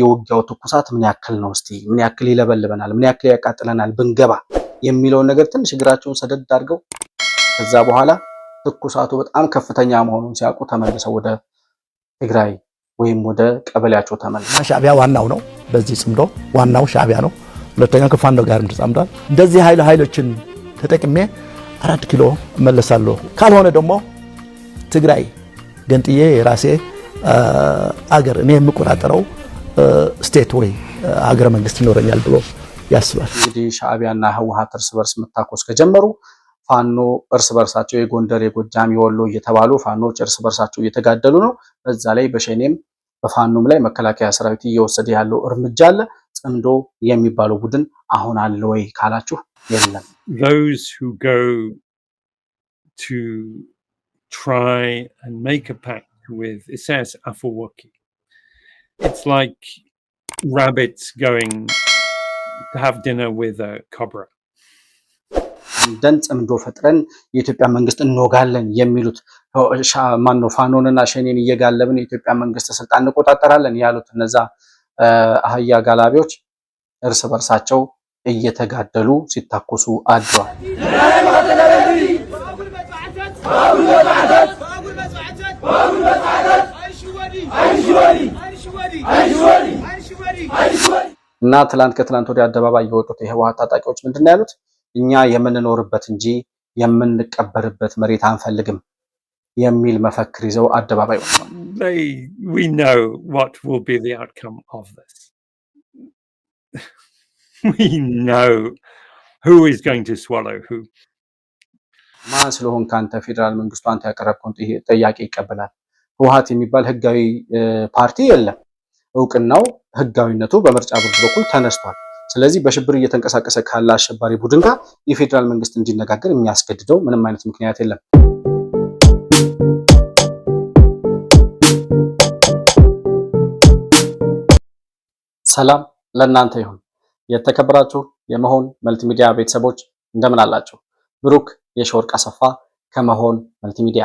የውጊያው ትኩሳት ምን ያክል ነው? እስቲ ምን ያክል ይለበልበናል? ምን ያክል ያቃጥለናል ብንገባ የሚለውን ነገር ትንሽ እግራቸውን ሰደድ አድርገው ከዛ በኋላ ትኩሳቱ በጣም ከፍተኛ መሆኑን ሲያውቁ ተመልሰው ወደ ትግራይ ወይም ወደ ቀበሌያቸው ተመልሰው ሻዕቢያ ዋናው ነው። በዚህ ጽምዶ ዋናው ሻዕቢያ ነው። ሁለተኛ ከፋኖ ጋርም ተጻምዷል። እንደዚህ ኃይል ኃይሎችን ተጠቅሜ አራት ኪሎ እመለሳለሁ። ካልሆነ ደግሞ ትግራይ ገንጥዬ የራሴ አገር እኔ የምቆጣጠረው ስቴት ወይ ሀገረ መንግስት ይኖረኛል ብሎ ያስባል። እንግዲህ ሻዕቢያና ህወሓት እርስ በርስ መታኮስ ከጀመሩ ፋኖ እርስ በርሳቸው የጎንደር የጎጃም የወሎ እየተባሉ ፋኖች እርስ በርሳቸው እየተጋደሉ ነው። በዛ ላይ በሸኔም በፋኖም ላይ መከላከያ ሰራዊት እየወሰደ ያለው እርምጃ አለ። ጽምዶ የሚባለው ቡድን አሁን አለ ወይ ካላችሁ የለም። try and It's like rabbits going to have dinner with a cobra. ደን ጽምዶ ፈጥረን የኢትዮጵያ መንግስት እንወጋለን የሚሉት ማን ፋኖንና ሸኔን እየጋለብን የኢትዮጵያ መንግስት ስልጣን እንቆጣጠራለን ያሉት እነዛ አህያ ጋላቢዎች እርስ በርሳቸው እየተጋደሉ ሲታኮሱ አድሯል። እና ትላንት ከትላንት ወደ አደባባይ የወጡት የህወሓት ታጣቂዎች ምንድን ነው ያሉት? እኛ የምንኖርበት እንጂ የምንቀበርበት መሬት አንፈልግም የሚል መፈክር ይዘው አደባባይ ወጥተው ማን ስለሆን ከአንተ ፌዴራል መንግስቱ አንተ ያቀረብከውን ጥያቄ ይቀበላል። ህወሓት የሚባል ህጋዊ ፓርቲ የለም። እውቅናው ህጋዊነቱ በምርጫ ቦርድ በኩል ተነስቷል። ስለዚህ በሽብር እየተንቀሳቀሰ ካለ አሸባሪ ቡድን ጋር የፌዴራል መንግስት እንዲነጋገር የሚያስገድደው ምንም አይነት ምክንያት የለም። ሰላም ለእናንተ ይሁን። የተከበራችሁ የመሆን መልቲሚዲያ ቤተሰቦች እንደምን አላችሁ? ብሩክ የሸወርቅ አሰፋ ከመሆን መልቲሚዲያ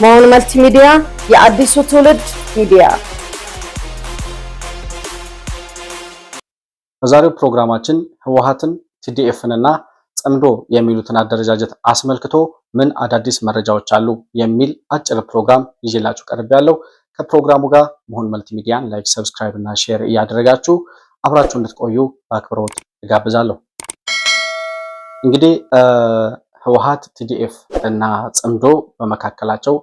መሆን መልቲ ሚዲያ የአዲሱ ትውልድ ሚዲያ። በዛሬው ፕሮግራማችን ህወሓትን ቲዲኤፍንና ጽምዶ የሚሉትን አደረጃጀት አስመልክቶ ምን አዳዲስ መረጃዎች አሉ የሚል አጭር ፕሮግራም ይዤላችሁ ያለው ከፕሮግራሙ ጋር መሆን መልቲሚዲያን ላይክ፣ ሰብስክራይብ እና ሼር እያደረጋችሁ አብራችሁ እንድትቆዩ በአክብሮት እጋብዛለሁ። እንግዲህ ህወሀት፣ ቲዲኤፍ እና ጽምዶ በመካከላቸው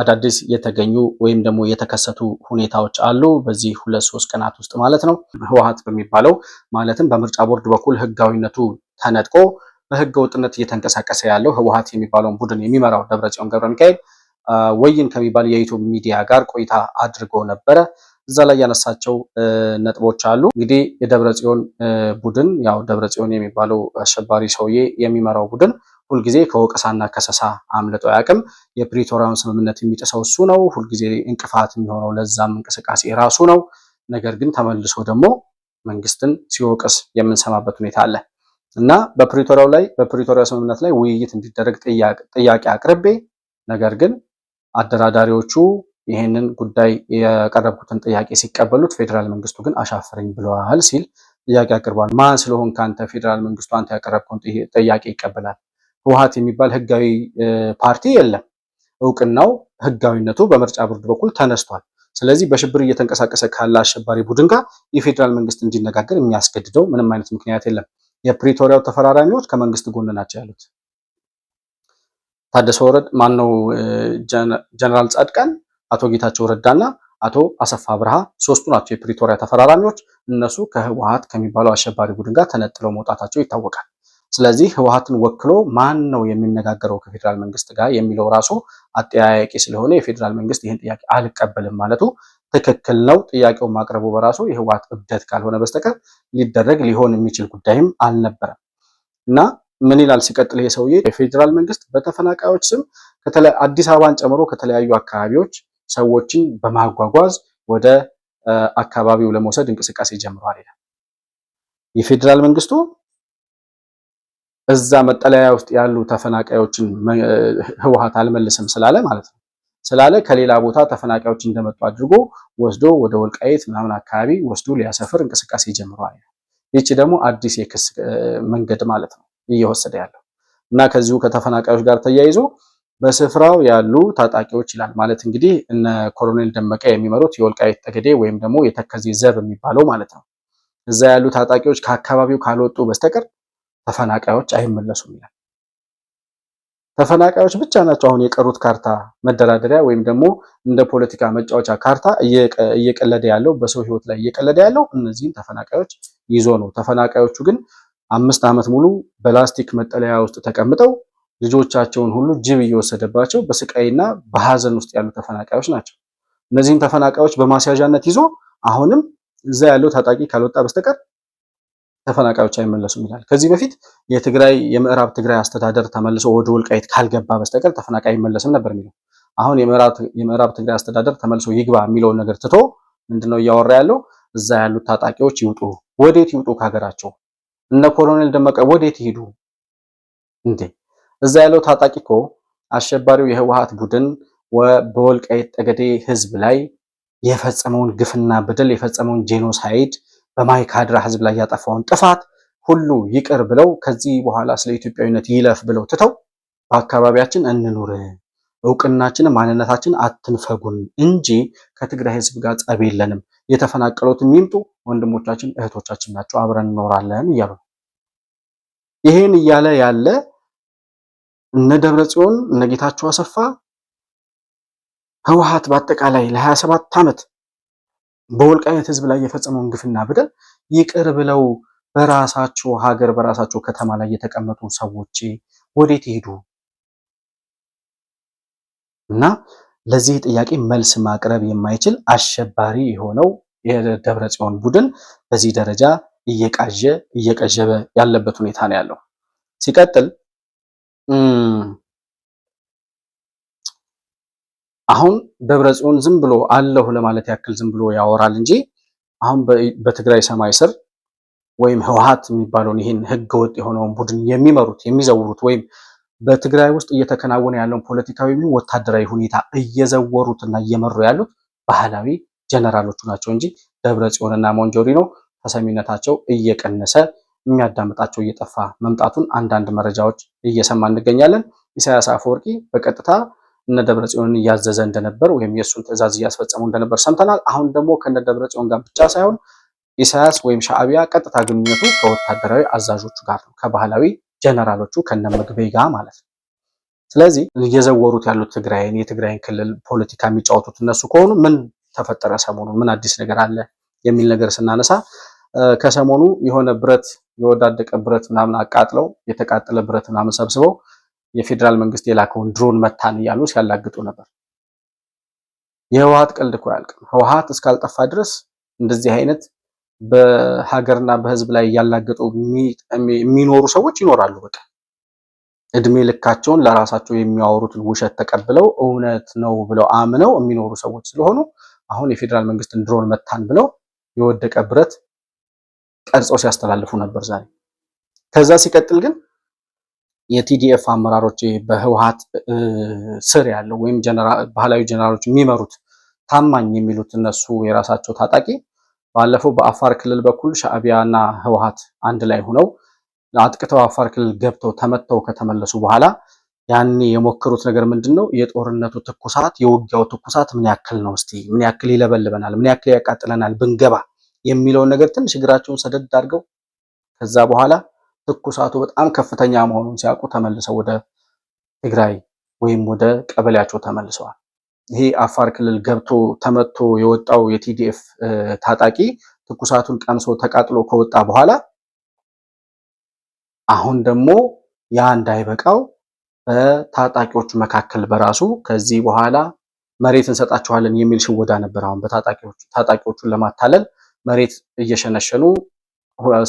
አዳዲስ የተገኙ ወይም ደግሞ የተከሰቱ ሁኔታዎች አሉ። በዚህ ሁለት ሶስት ቀናት ውስጥ ማለት ነው። ህወሀት በሚባለው ማለትም በምርጫ ቦርድ በኩል ህጋዊነቱ ተነጥቆ በህገ ወጥነት እየተንቀሳቀሰ ያለው ህወሀት የሚባለውን ቡድን የሚመራው ደብረጽዮን ገብረ ሚካኤል ወይን ከሚባል የዩቱብ ሚዲያ ጋር ቆይታ አድርጎ ነበረ። እዛ ላይ ያነሳቸው ነጥቦች አሉ። እንግዲህ የደብረጽዮን ቡድን ያው ደብረጽዮን የሚባለው አሸባሪ ሰውዬ የሚመራው ቡድን ሁልጊዜ ከወቀሳና ከሰሳ አምልጦ አያውቅም። የፕሪቶሪያውን ስምምነት የሚጥሰው እሱ ነው። ሁልጊዜ እንቅፋት የሚሆነው ለዛም እንቅስቃሴ ራሱ ነው። ነገር ግን ተመልሶ ደግሞ መንግስትን ሲወቅስ የምንሰማበት ሁኔታ አለ እና በፕሪቶሪያው ላይ በፕሪቶሪያው ስምምነት ላይ ውይይት እንዲደረግ ጥያቄ አቅርቤ ነገር ግን አደራዳሪዎቹ ይህንን ጉዳይ የቀረብኩትን ጥያቄ ሲቀበሉት ፌዴራል መንግስቱ ግን አሻፈረኝ ብለዋል ሲል ጥያቄ አቅርቧል። ማን ስለሆን ከአንተ ፌዴራል መንግስቱ አንተ ያቀረብከውን ጥያቄ ይቀበላል ህወሀት የሚባል ህጋዊ ፓርቲ የለም። እውቅናው ህጋዊነቱ በምርጫ ቦርድ በኩል ተነስቷል። ስለዚህ በሽብር እየተንቀሳቀሰ ካለ አሸባሪ ቡድን ጋር የፌዴራል መንግስት እንዲነጋገር የሚያስገድደው ምንም አይነት ምክንያት የለም። የፕሪቶሪያው ተፈራራሚዎች ከመንግስት ጎን ናቸው ያሉት ታደሰ ወረድ ማን ነው? ጀነራል ጻድቃን፣ አቶ ጌታቸው ረዳና አቶ አሰፋ ብርሃ ሶስቱ ናቸው የፕሪቶሪያ ተፈራራሚዎች። እነሱ ከህወሀት ከሚባለው አሸባሪ ቡድን ጋር ተነጥለው መውጣታቸው ይታወቃል። ስለዚህ ህወሀትን ወክሎ ማን ነው የሚነጋገረው ከፌዴራል መንግስት ጋር የሚለው ራሱ አጠያያቂ ስለሆነ የፌዴራል መንግስት ይህን ጥያቄ አልቀበልም ማለቱ ትክክል ነው። ጥያቄው ማቅረቡ በራሱ የህወሀት እብደት ካልሆነ በስተቀር ሊደረግ ሊሆን የሚችል ጉዳይም አልነበረም እና ምን ይላል ሲቀጥል ይሄ ሰውዬ የፌዴራል መንግስት በተፈናቃዮች ስም አዲስ አበባን ጨምሮ ከተለያዩ አካባቢዎች ሰዎችን በማጓጓዝ ወደ አካባቢው ለመውሰድ እንቅስቃሴ ጀምሯል ይላል። የፌዴራል መንግስቱ እዛ መጠለያ ውስጥ ያሉ ተፈናቃዮችን ህወሓት አልመልስም ስላለ ማለት ነው ስላለ ከሌላ ቦታ ተፈናቃዮች እንደመጡ አድርጎ ወስዶ ወደ ወልቃይት ምናምን አካባቢ ወስዶ ሊያሰፍር እንቅስቃሴ ጀምሯል። ይቺ ደግሞ አዲስ የክስ መንገድ ማለት ነው እየወሰደ ያለው እና ከዚሁ ከተፈናቃዮች ጋር ተያይዞ በስፍራው ያሉ ታጣቂዎች ይላል ማለት እንግዲህ እነ ኮሎኔል ደመቀ የሚመሩት የወልቃይት ጠገዴ ወይም ደግሞ የተከዜ ዘብ የሚባለው ማለት ነው። እዛ ያሉ ታጣቂዎች ከአካባቢው ካልወጡ በስተቀር ተፈናቃዮች አይመለሱም ይላል። ተፈናቃዮች ብቻ ናቸው አሁን የቀሩት ካርታ መደራደሪያ ወይም ደግሞ እንደ ፖለቲካ መጫወቻ ካርታ እየቀለደ ያለው በሰው ህይወት ላይ እየቀለደ ያለው እነዚህን ተፈናቃዮች ይዞ ነው። ተፈናቃዮቹ ግን አምስት ዓመት ሙሉ በላስቲክ መጠለያ ውስጥ ተቀምጠው ልጆቻቸውን ሁሉ ጅብ እየወሰደባቸው በስቃይና በሀዘን ውስጥ ያሉ ተፈናቃዮች ናቸው። እነዚህን ተፈናቃዮች በማስያዣነት ይዞ አሁንም እዛ ያለው ታጣቂ ካልወጣ በስተቀር ተፈናቃዮች አይመለሱም ይላል። ከዚህ በፊት የትግራይ የምዕራብ ትግራይ አስተዳደር ተመልሶ ወደ ወልቃይት ካልገባ በስተቀር ተፈናቃይ አይመለስም ነበር የሚለው አሁን የምዕራብ ትግራይ አስተዳደር ተመልሶ ይግባ የሚለውን ነገር ትቶ ምንድነው እያወራ ያለው? እዛ ያሉት ታጣቂዎች ይውጡ። ወዴት ይውጡ? ከሀገራቸው እነ ኮሎኔል ደመቀ ወዴት ይሄዱ እንዴ? እዛ ያለው ታጣቂ እኮ አሸባሪው የህወሓት ቡድን በወልቃይት ጠገዴ ህዝብ ላይ የፈጸመውን ግፍና በደል የፈጸመውን ጄኖሳይድ በማይካድራ ህዝብ ላይ ያጠፋውን ጥፋት ሁሉ ይቅር ብለው ከዚህ በኋላ ስለ ኢትዮጵያዊነት ይለፍ ብለው ትተው በአካባቢያችን እንኑር፣ እውቅናችን፣ ማንነታችን አትንፈጉን እንጂ ከትግራይ ህዝብ ጋር ጸብ የለንም፣ የተፈናቀሉትም የሚምጡ ወንድሞቻችን እህቶቻችን ናቸው፣ አብረን እንኖራለን እያሉ ይሄን ይህን እያለ ያለ እነ ደብረ ጽዮን እነ ጌታቸው አሰፋ ህወሓት በአጠቃላይ ለ27 ዓመት በወልቃይት ህዝብ ላይ የፈጸመውን ግፍና በደል ይቅር ብለው በራሳቸው ሀገር በራሳቸው ከተማ ላይ የተቀመጡ ሰዎች ወዴት ይሄዱ? እና ለዚህ ጥያቄ መልስ ማቅረብ የማይችል አሸባሪ የሆነው የደብረ ጽዮን ቡድን በዚህ ደረጃ እየቃዠ እየቀዠበ ያለበት ሁኔታ ነው ያለው። ሲቀጥል አሁን ደብረጽዮን ዝም ብሎ አለሁ ለማለት ያክል ዝም ብሎ ያወራል እንጂ አሁን በትግራይ ሰማይ ስር ወይም ህወሓት የሚባለውን ይህን ህገወጥ የሆነውን ቡድን የሚመሩት የሚዘውሩት ወይም በትግራይ ውስጥ እየተከናወነ ያለውን ፖለቲካዊ ወታደራዊ ሁኔታ እየዘወሩትና እየመሩ ያሉት ባህላዊ ጀነራሎቹ ናቸው እንጂ ደብረጽዮንና ነው። ተሰሚነታቸው እየቀነሰ የሚያዳምጣቸው እየጠፋ መምጣቱን አንዳንድ መረጃዎች እየሰማ እንገኛለን። ኢሳያስ አፈወርቂ በቀጥታ እነ ደብረ ጽዮንን እያዘዘ እንደነበር ወይም የእሱን ትእዛዝ እያስፈጸሙ እንደነበር ሰምተናል። አሁን ደግሞ ከነ ደብረ ጽዮን ጋር ብቻ ሳይሆን ኢሳያስ ወይም ሻዕቢያ ቀጥታ ግንኙነቱ ከወታደራዊ አዛዦቹ ጋር ነው፣ ከባህላዊ ጀነራሎቹ ከነ ምግቤ ጋር ማለት ነው። ስለዚህ እየዘወሩት ያሉት ትግራይን የትግራይን ክልል ፖለቲካ የሚጫወቱት እነሱ ከሆኑ ምን ተፈጠረ? ሰሞኑን ምን አዲስ ነገር አለ የሚል ነገር ስናነሳ ከሰሞኑ የሆነ ብረት የወዳደቀ ብረት ምናምን አቃጥለው የተቃጠለ ብረት ምናምን ሰብስበው የፌዴራል መንግስት የላከውን ድሮን መታን እያሉ ሲያላግጡ ነበር። የህወሀት ቀልድ እኮ አያልቅም። ህወሀት እስካልጠፋ ድረስ እንደዚህ አይነት በሀገርና በህዝብ ላይ እያላገጡ የሚኖሩ ሰዎች ይኖራሉ። በቃ እድሜ ልካቸውን ለራሳቸው የሚያወሩትን ውሸት ተቀብለው እውነት ነው ብለው አምነው የሚኖሩ ሰዎች ስለሆኑ አሁን የፌዴራል መንግስትን ድሮን መታን ብለው የወደቀ ብረት ቀርጸው ሲያስተላልፉ ነበር ዛሬ። ከዛ ሲቀጥል ግን የቲዲኤፍ አመራሮች በህወሀት ስር ያለው ወይም ባህላዊ ጀነራሎች የሚመሩት ታማኝ የሚሉት እነሱ የራሳቸው ታጣቂ ባለፈው በአፋር ክልል በኩል ሻዕቢያና ህወሀት አንድ ላይ ሆነው አጥቅተው አፋር ክልል ገብተው ተመተው ከተመለሱ በኋላ ያኔ የሞከሩት ነገር ምንድን ነው? የጦርነቱ ትኩሳት የውጊያው ትኩሳት ምን ያክል ነው? እስቲ ምን ያክል ይለበልበናል፣ ምን ያክል ያቃጥለናል ብንገባ የሚለውን ነገር ትንሽ እግራቸውን ሰደድ አድርገው ከዛ በኋላ ትኩሳቱ በጣም ከፍተኛ መሆኑን ሲያውቁ ተመልሰው ወደ ትግራይ ወይም ወደ ቀበሌያቸው ተመልሰዋል። ይሄ አፋር ክልል ገብቶ ተመቶ የወጣው የቲዲኤፍ ታጣቂ ትኩሳቱን ቀምሶ ተቃጥሎ ከወጣ በኋላ አሁን ደግሞ ያ እንዳይበቃው በታጣቂዎቹ መካከል በራሱ ከዚህ በኋላ መሬት እንሰጣችኋለን የሚል ሽወዳ ነበር። አሁን በታጣቂዎቹ ታጣቂዎቹን ለማታለል መሬት እየሸነሸኑ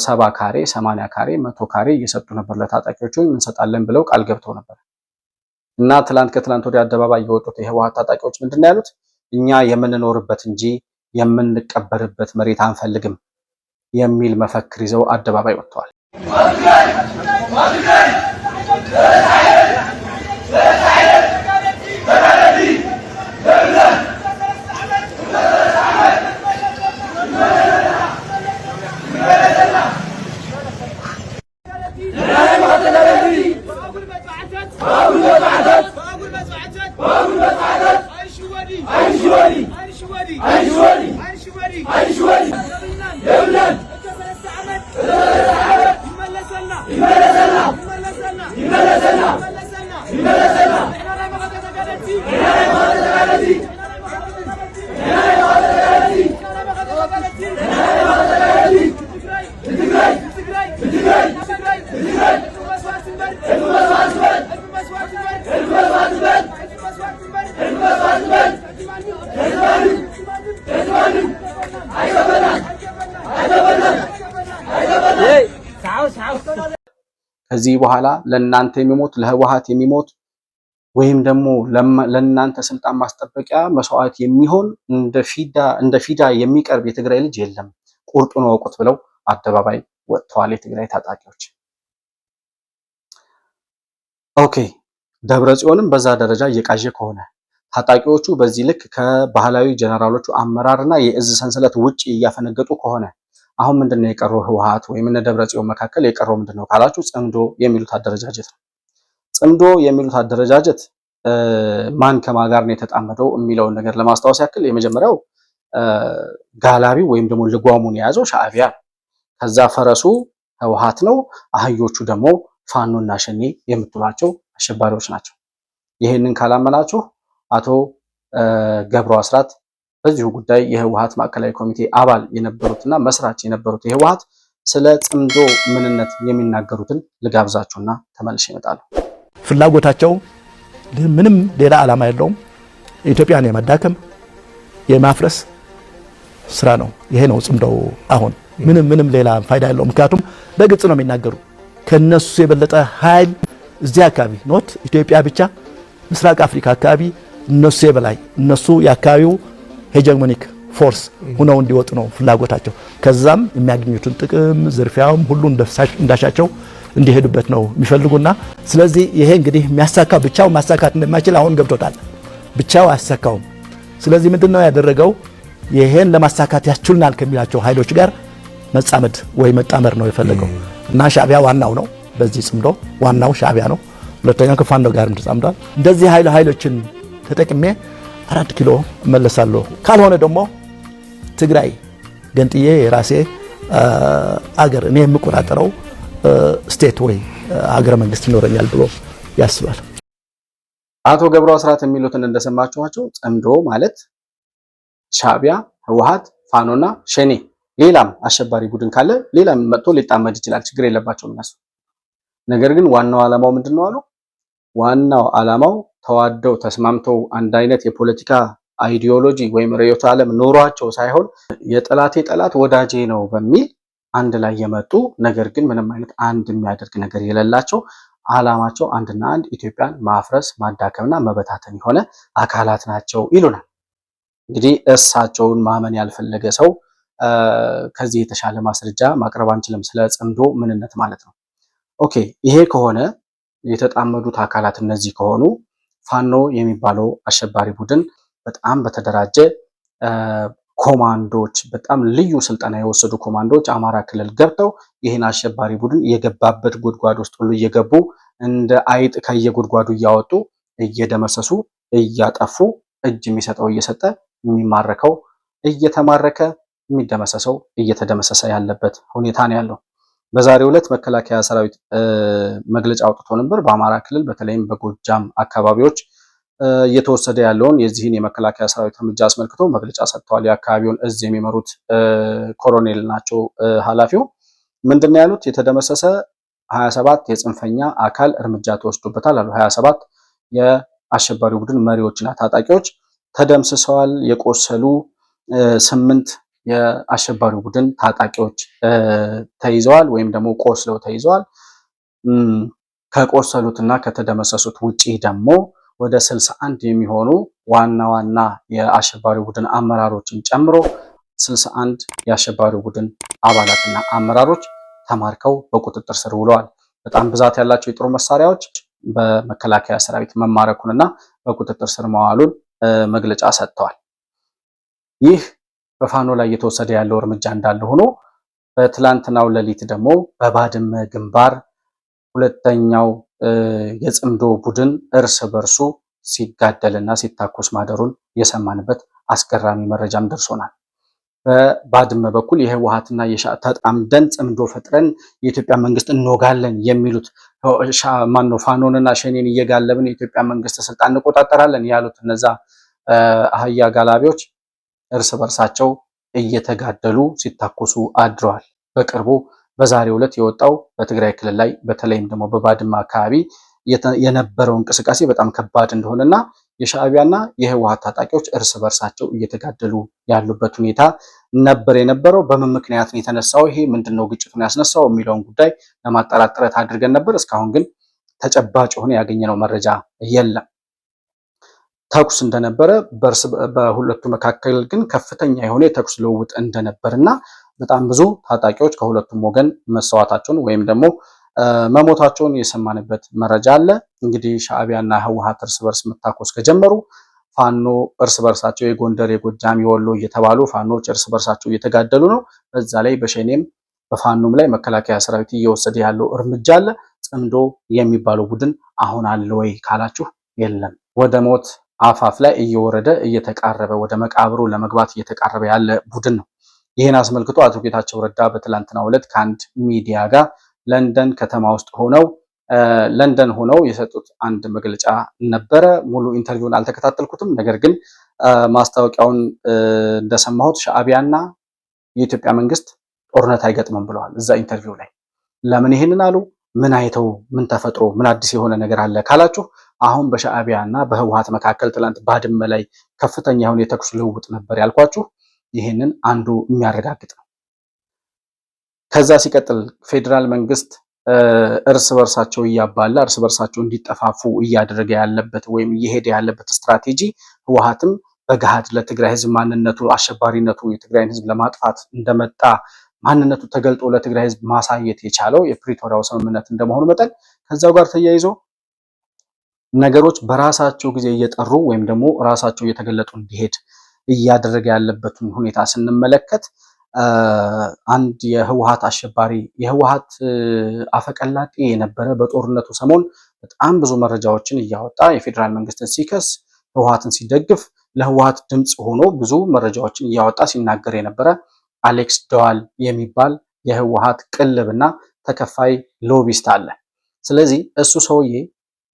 ሰባ ካሬ፣ ሰማንያ ካሬ፣ መቶ ካሬ እየሰጡ ነበር ለታጣቂዎቹ እንሰጣለን ብለው ቃል ገብተው ነበር እና ትላንት ከትላንት ወዲያ አደባባይ የወጡት የህወሓት ታጣቂዎች ምንድን ነው ያሉት? እኛ የምንኖርበት እንጂ የምንቀበርበት መሬት አንፈልግም የሚል መፈክር ይዘው አደባባይ ወጥተዋል። 爱追。ከዚህ በኋላ ለእናንተ የሚሞት ለህወሓት የሚሞት ወይም ደግሞ ለእናንተ ስልጣን ማስጠበቂያ መስዋዕት የሚሆን እንደ ፊዳ የሚቀርብ የትግራይ ልጅ የለም፣ ቁርጡን ወቁት ብለው አደባባይ ወጥተዋል የትግራይ ታጣቂዎች። ኦኬ ደብረ ጽዮንም በዛ ደረጃ እየቃዠ ከሆነ ታጣቂዎቹ በዚህ ልክ ከባህላዊ ጀነራሎቹ አመራርና የእዝ ሰንሰለት ውጭ እያፈነገጡ ከሆነ አሁን ምንድነው የቀረው? ህወሓት ወይም እነ ጽዮን መካከል የቀረው ምንድነው ካላችሁ ጽምዶ የሚሉት አደረጃጀት ነው። ጽምዶ የሚሉት አደረጃጀት ማን ከማ ጋር ነው የተጣመደው የሚለውን ነገር ለማስታወስ ያክል የመጀመሪያው ጋላቢው ወይም ደግሞ ልጓሙን የያዘው ሻዕቢያ ከዛ ፈረሱ ህወሓት ነው። አህዮቹ ደግሞ እና ሸኔ የምትሏቸው አሸባሪዎች ናቸው። ይህንን ካላመናችሁ አቶ ገብሩ አስራት በዚሁ ጉዳይ የህወሀት ማዕከላዊ ኮሚቴ አባል የነበሩትና መስራች የነበሩት የህወሀት ስለ ጽምዶ ምንነት የሚናገሩትን ልጋብዛችሁና ተመልሼ ይመጣሉ። ፍላጎታቸው ምንም ሌላ ዓላማ የለውም፣ ኢትዮጵያን የመዳከም የማፍረስ ስራ ነው። ይሄ ነው ጽምዶው። አሁን ምንም ምንም ሌላ ፋይዳ የለውም። ምክንያቱም በግልጽ ነው የሚናገሩ ከነሱ የበለጠ ኃይል እዚህ አካባቢ ኖት ኢትዮጵያ ብቻ ምስራቅ አፍሪካ አካባቢ እነሱ የበላይ እነሱ የአካባቢው ሄጀሞኒክ ፎርስ ሁነው እንዲወጡ ነው ፍላጎታቸው። ከዛም የሚያገኙትን ጥቅም ዝርፊያውም ሁሉ እንዳሻቸው እንዲሄዱበት ነው የሚፈልጉና ስለዚህ ይሄ እንግዲህ የሚያሳካው ብቻው ማሳካት እንደማይችል አሁን ገብቶታል። ብቻው አያሳካውም። ስለዚህ ምንድን ነው ያደረገው? ይሄን ለማሳካት ያስችሉናል ከሚላቸው ኃይሎች ጋር መጻመድ ወይ መጣመር ነው የፈለገው እና ሻዕቢያ ዋናው ነው። በዚህ ጽምዶ ዋናው ሻዕቢያ ነው። ሁለተኛው ከፋኖ ጋርም ተጻምዷል። እንደዚህ ኃይሎችን ተጠቅሜ አራት ኪሎ እመለሳለሁ። ካልሆነ ደግሞ ትግራይ ገንጥዬ የራሴ አገር እኔ የምቆጣጠረው ስቴት ወይ ሀገረ መንግስት ይኖረኛል ብሎ ያስባል። አቶ ገብሩ አስራት የሚሉትን እንደሰማችኋቸው ጸምዶ ማለት ሻቢያ፣ ህወሓት፣ ፋኖና ሸኔ ሌላም አሸባሪ ቡድን ካለ ሌላም መጥቶ ሊጣመድ ይችላል። ችግር የለባቸውም እነሱ። ነገር ግን ዋናው ዓላማው ምንድን ነው አሉ? ዋናው ዓላማው ተዋደው ተስማምተው አንድ አይነት የፖለቲካ አይዲዮሎጂ ወይም ርዕዮተ ዓለም ኖሯቸው ሳይሆን የጠላቴ ጠላት ወዳጄ ነው በሚል አንድ ላይ የመጡ ነገር ግን ምንም አይነት አንድ የሚያደርግ ነገር የሌላቸው ዓላማቸው አንድና አንድ ኢትዮጵያን ማፍረስ ማዳከምና መበታተን የሆነ አካላት ናቸው ይሉናል። እንግዲህ እሳቸውን ማመን ያልፈለገ ሰው ከዚህ የተሻለ ማስረጃ ማቅረብ አንችልም፣ ስለ ጽምዶ ምንነት ማለት ነው። ኦኬ፣ ይሄ ከሆነ የተጣመዱት አካላት እነዚህ ከሆኑ ፋኖ የሚባለው አሸባሪ ቡድን በጣም በተደራጀ ኮማንዶዎች በጣም ልዩ ስልጠና የወሰዱ ኮማንዶዎች አማራ ክልል ገብተው ይህን አሸባሪ ቡድን የገባበት ጉድጓድ ውስጥ ሁሉ እየገቡ እንደ አይጥ ከየጉድጓዱ እያወጡ እየደመሰሱ እያጠፉ እጅ የሚሰጠው እየሰጠ የሚማረከው እየተማረከ የሚደመሰሰው እየተደመሰሰ ያለበት ሁኔታ ነው ያለው። በዛሬው ዕለት መከላከያ ሰራዊት መግለጫ አውጥቶ ነበር። በአማራ ክልል በተለይም በጎጃም አካባቢዎች እየተወሰደ ያለውን የዚህን የመከላከያ ሰራዊት እርምጃ አስመልክቶ መግለጫ ሰጥተዋል። የአካባቢውን እዝ የሚመሩት ኮሎኔል ናቸው ኃላፊው ምንድን ያሉት? የተደመሰሰ 27 የጽንፈኛ አካል እርምጃ ተወስዶበታል አሉ። 27 የአሸባሪ ቡድን መሪዎችና ታጣቂዎች ተደምስሰዋል። የቆሰሉ ስምንት የአሸባሪው ቡድን ታጣቂዎች ተይዘዋል ወይም ደግሞ ቆስለው ተይዘዋል። ከቆሰሉትና ከተደመሰሱት ውጪ ደግሞ ወደ 61 የሚሆኑ ዋና ዋና የአሸባሪ ቡድን አመራሮችን ጨምሮ 61 የአሸባሪ ቡድን አባላትና አመራሮች ተማርከው በቁጥጥር ስር ውለዋል። በጣም ብዛት ያላቸው የጦር መሳሪያዎች በመከላከያ ሰራዊት መማረኩንና በቁጥጥር ስር መዋሉን መግለጫ ሰጥተዋል። ይህ በፋኖ ላይ እየተወሰደ ያለው እርምጃ እንዳለ ሆኖ በትላንትናው ሌሊት ደግሞ በባድመ ግንባር ሁለተኛው የጽምዶ ቡድን እርስ በርሱ ሲጋደልና ሲታኮስ ማደሩን የሰማንበት አስገራሚ መረጃም ደርሶናል። በባድመ በኩል የህወሓትና የሻዕቢያ ተጣምደን ጽምዶ ፈጥረን የኢትዮጵያ መንግስት እንወጋለን የሚሉት ማነው? ፋኖንና ሸኔን እየጋለብን የኢትዮጵያ መንግስት ስልጣን እንቆጣጠራለን ያሉት እነዛ አህያ ጋላቢዎች እርስ በርሳቸው እየተጋደሉ ሲታኮሱ አድረዋል። በቅርቡ በዛሬው ዕለት የወጣው በትግራይ ክልል ላይ በተለይም ደግሞ በባድማ አካባቢ የነበረው እንቅስቃሴ በጣም ከባድ እንደሆነና የሻዕቢያና የህወሀት ታጣቂዎች እርስ በርሳቸው እየተጋደሉ ያሉበት ሁኔታ ነበር የነበረው። በምን ምክንያት ነው የተነሳው? ይሄ ምንድነው ግጭቱን ያስነሳው የሚለውን ጉዳይ ለማጣራት ጥረት አድርገን ነበር። እስካሁን ግን ተጨባጭ የሆነ ያገኘነው መረጃ የለም። ተኩስ እንደነበረ በእርስ በሁለቱ መካከል ግን ከፍተኛ የሆነ የተኩስ ልውውጥ እንደነበር እና በጣም ብዙ ታጣቂዎች ከሁለቱም ወገን መሰዋታቸውን ወይም ደግሞ መሞታቸውን የሰማንበት መረጃ አለ። እንግዲህ ሻዕቢያና ህወሓት እርስ በርስ መታኮስ ከጀመሩ ፋኖ እርስ በርሳቸው የጎንደር የጎጃም የወሎ እየተባሉ ፋኖች እርስ በርሳቸው እየተጋደሉ ነው። በዛ ላይ በሸኔም በፋኖም ላይ መከላከያ ሰራዊት እየወሰደ ያለው እርምጃ አለ። ጽምዶ የሚባለው ቡድን አሁን አለ ወይ ካላችሁ የለም ወደ ሞት አፋፍ ላይ እየወረደ እየተቃረበ ወደ መቃብሩ ለመግባት እየተቃረበ ያለ ቡድን ነው። ይህን አስመልክቶ አቶ ጌታቸው ረዳ በትላንትናው ዕለት ከአንድ ሚዲያ ጋር ለንደን ከተማ ውስጥ ሆነው ለንደን ሆነው የሰጡት አንድ መግለጫ ነበረ። ሙሉ ኢንተርቪውን አልተከታተልኩትም። ነገር ግን ማስታወቂያውን እንደሰማሁት ሻዕቢያና የኢትዮጵያ መንግስት ጦርነት አይገጥምም ብለዋል። እዛ ኢንተርቪው ላይ ለምን ይህንን አሉ? ምን አይተው ምን ተፈጥሮ ምን አዲስ የሆነ ነገር አለ ካላችሁ አሁን በሻዕቢያ እና በህወሀት መካከል ትላንት ባድመ ላይ ከፍተኛ የሆነ የተኩስ ልውውጥ ነበር ያልኳችሁ ይህንን አንዱ የሚያረጋግጥ ነው። ከዛ ሲቀጥል ፌዴራል መንግስት እርስ በርሳቸው እያባላ እርስ በርሳቸው እንዲጠፋፉ እያደረገ ያለበት ወይም እየሄደ ያለበት ስትራቴጂ ህወሀትም በገሃድ ለትግራይ ህዝብ ማንነቱ አሸባሪነቱ የትግራይን ህዝብ ለማጥፋት እንደመጣ ማንነቱ ተገልጦ ለትግራይ ህዝብ ማሳየት የቻለው የፕሪቶሪያው ስምምነት እንደመሆኑ መጠን ከዛው ጋር ተያይዞ ነገሮች በራሳቸው ጊዜ እየጠሩ ወይም ደግሞ ራሳቸው እየተገለጡ እንዲሄድ እያደረገ ያለበትን ሁኔታ ስንመለከት አንድ የህወሀት አሸባሪ የህወሀት አፈቀላጤ የነበረ በጦርነቱ ሰሞን በጣም ብዙ መረጃዎችን እያወጣ የፌዴራል መንግስትን ሲከስ፣ ህወሀትን ሲደግፍ፣ ለህወሀት ድምፅ ሆኖ ብዙ መረጃዎችን እያወጣ ሲናገር የነበረ አሌክስ ደዋል የሚባል የህወሀት ቅልብና ተከፋይ ሎቢስት አለ። ስለዚህ እሱ ሰውዬ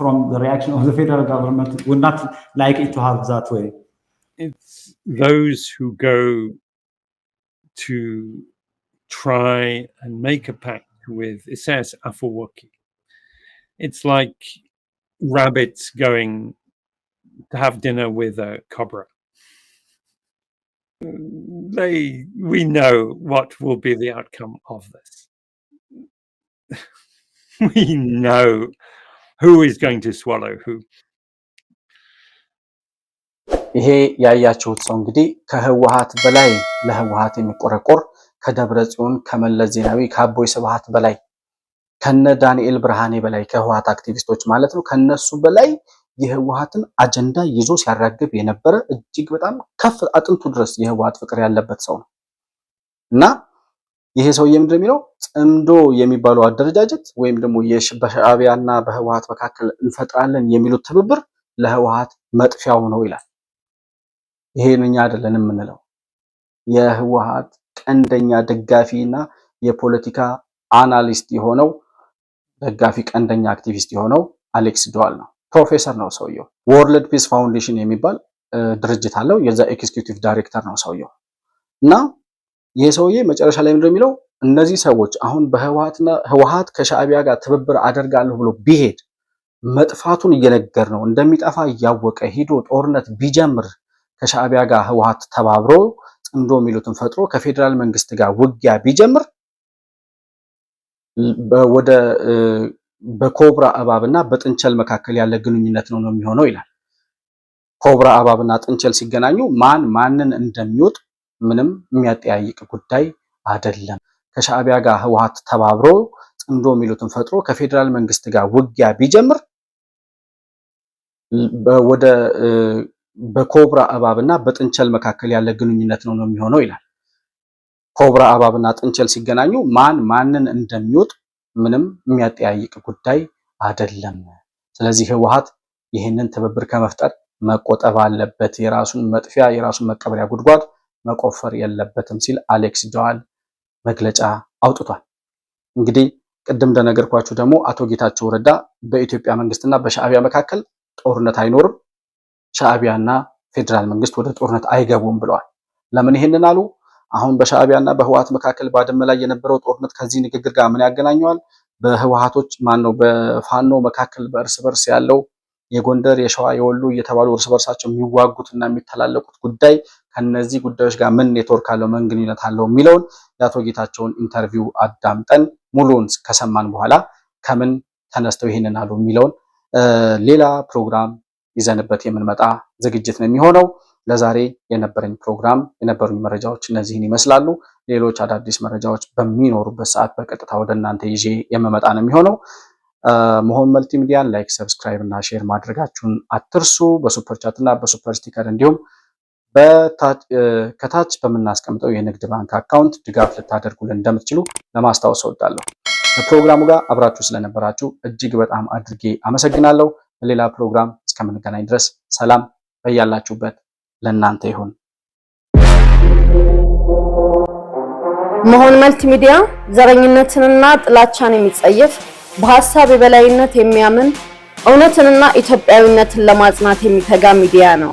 from the reaction of the federal government would not like it to have that way. It's those who go to try and make a pact with says Afwerki. It's like rabbits going to have dinner with a cobra. They, we know what will be the outcome of this. we know who is going to swallow who ይሄ ያያችሁት ሰው እንግዲህ ከህወሓት በላይ ለህወሓት የሚቆረቆር ከደብረ ጽዮን ከመለስ ዜናዊ ከአቦይ ስብሃት በላይ ከነ ዳንኤል ብርሃኔ በላይ ከህወሓት አክቲቪስቶች ማለት ነው ከነሱ በላይ የህወሓትን አጀንዳ ይዞ ሲያራግብ የነበረ እጅግ በጣም ከፍ አጥንቱ ድረስ የህወሓት ፍቅር ያለበት ሰው ነው እና ይሄ ሰውዬ ምንድን የሚለው ጽምዶ የሚባለው አደረጃጀት ወይም ደግሞ በሻዕቢያና በህወሀት መካከል እንፈጥራለን የሚሉት ትብብር ለህወሀት መጥፊያው ነው ይላል። ይሄን እኛ አይደለን የምንለው የህወሀት ቀንደኛ ደጋፊ እና የፖለቲካ አናሊስት የሆነው ደጋፊ ቀንደኛ አክቲቪስት የሆነው አሌክስ ዶዋል ነው። ፕሮፌሰር ነው ሰውየው። ወርልድ ፒስ ፋውንዴሽን የሚባል ድርጅት አለው። የዛ ኤክስኪዩቲቭ ዳይሬክተር ነው ሰውየው እና ይሄ ሰውዬ መጨረሻ ላይ ምንድነው የሚለው? እነዚህ ሰዎች አሁን በህወሓትና ህወሓት ከሻዕቢያ ጋር ትብብር አደርጋለሁ ብሎ ቢሄድ መጥፋቱን እየነገር ነው እንደሚጠፋ እያወቀ ሂዶ ጦርነት ቢጀምር ከሻዕቢያ ጋር ህወሓት ተባብሮ ጥንዶ የሚሉትን ፈጥሮ ከፌዴራል መንግስት ጋር ውጊያ ቢጀምር ወደ በኮብራ እባብና በጥንቸል መካከል ያለ ግንኙነት ነው ነው የሚሆነው ይላል። ኮብራ እባብና ጥንቸል ሲገናኙ ማን ማንን እንደሚውጥ ምንም የሚያጠያይቅ ጉዳይ አይደለም። ከሻዕቢያ ጋር ህወሓት ተባብሮ ጽንዶ የሚሉትን ፈጥሮ ከፌዴራል መንግስት ጋር ውጊያ ቢጀምር ወደ በኮብራ እና በጥንቸል መካከል ያለ ግንኙነት ነው ነው የሚሆነው ይላል። ኮብራ እና ጥንቸል ሲገናኙ ማን ማንን እንደሚውጥ ምንም የሚያጠያይቅ ጉዳይ አይደለም። ስለዚህ ህወሓት ይህንን ትብብር ከመፍጠር መቆጠብ አለበት። የራሱን መጥፊያ የራሱን መቀበሪያ ጉድጓድ መቆፈር የለበትም ሲል አሌክስ ጆዋል መግለጫ አውጥቷል። እንግዲህ ቅድም እንደነገርኳችሁ ደግሞ አቶ ጌታቸው ረዳ በኢትዮጵያ መንግስትና በሻዕቢያ መካከል ጦርነት አይኖርም፣ ሻዕቢያና ፌዴራል መንግስት ወደ ጦርነት አይገቡም ብለዋል። ለምን ይሄንን አሉ? አሁን በሻዕቢያና በህወሓት መካከል ባድመ ላይ የነበረው ጦርነት ከዚህ ንግግር ጋር ምን ያገናኘዋል? በህወሓቶች ማን ነው በፋኖ መካከል በእርስ በርስ ያለው የጎንደር የሸዋ የወሎ እየተባሉ እርስ በርሳቸው የሚዋጉትና የሚተላለቁት ጉዳይ ከነዚህ ጉዳዮች ጋር ምን ኔትወርክ አለው፣ ምን ግንኙነት አለው የሚለውን የአቶ ጌታቸውን ኢንተርቪው አዳምጠን ሙሉውን ከሰማን በኋላ ከምን ተነስተው ይህንን አሉ የሚለውን ሌላ ፕሮግራም ይዘንበት የምንመጣ ዝግጅት ነው የሚሆነው። ለዛሬ የነበረኝ ፕሮግራም የነበሩኝ መረጃዎች እነዚህን ይመስላሉ። ሌሎች አዳዲስ መረጃዎች በሚኖሩበት ሰዓት በቀጥታ ወደ እናንተ ይዤ የምመጣ ነው የሚሆነው። መሆን መልቲ ሚዲያን ላይክ፣ ሰብስክራይብ እና ሼር ማድረጋችሁን አትርሱ። በሱፐር ቻት እና በሱፐር ስቲከር እንዲሁም ከታች በምናስቀምጠው የንግድ ባንክ አካውንት ድጋፍ ልታደርጉልን እንደምትችሉ ለማስታወስ እወዳለሁ። ከፕሮግራሙ ጋር አብራችሁ ስለነበራችሁ እጅግ በጣም አድርጌ አመሰግናለሁ። በሌላ ፕሮግራም እስከምንገናኝ ድረስ ሰላም በያላችሁበት ለእናንተ ይሁን። መሆን መልቲ ሚዲያ ዘረኝነትንና ጥላቻን የሚጸየፍ በሀሳብ የበላይነት የሚያምን እውነትንና ኢትዮጵያዊነትን ለማጽናት የሚተጋ ሚዲያ ነው።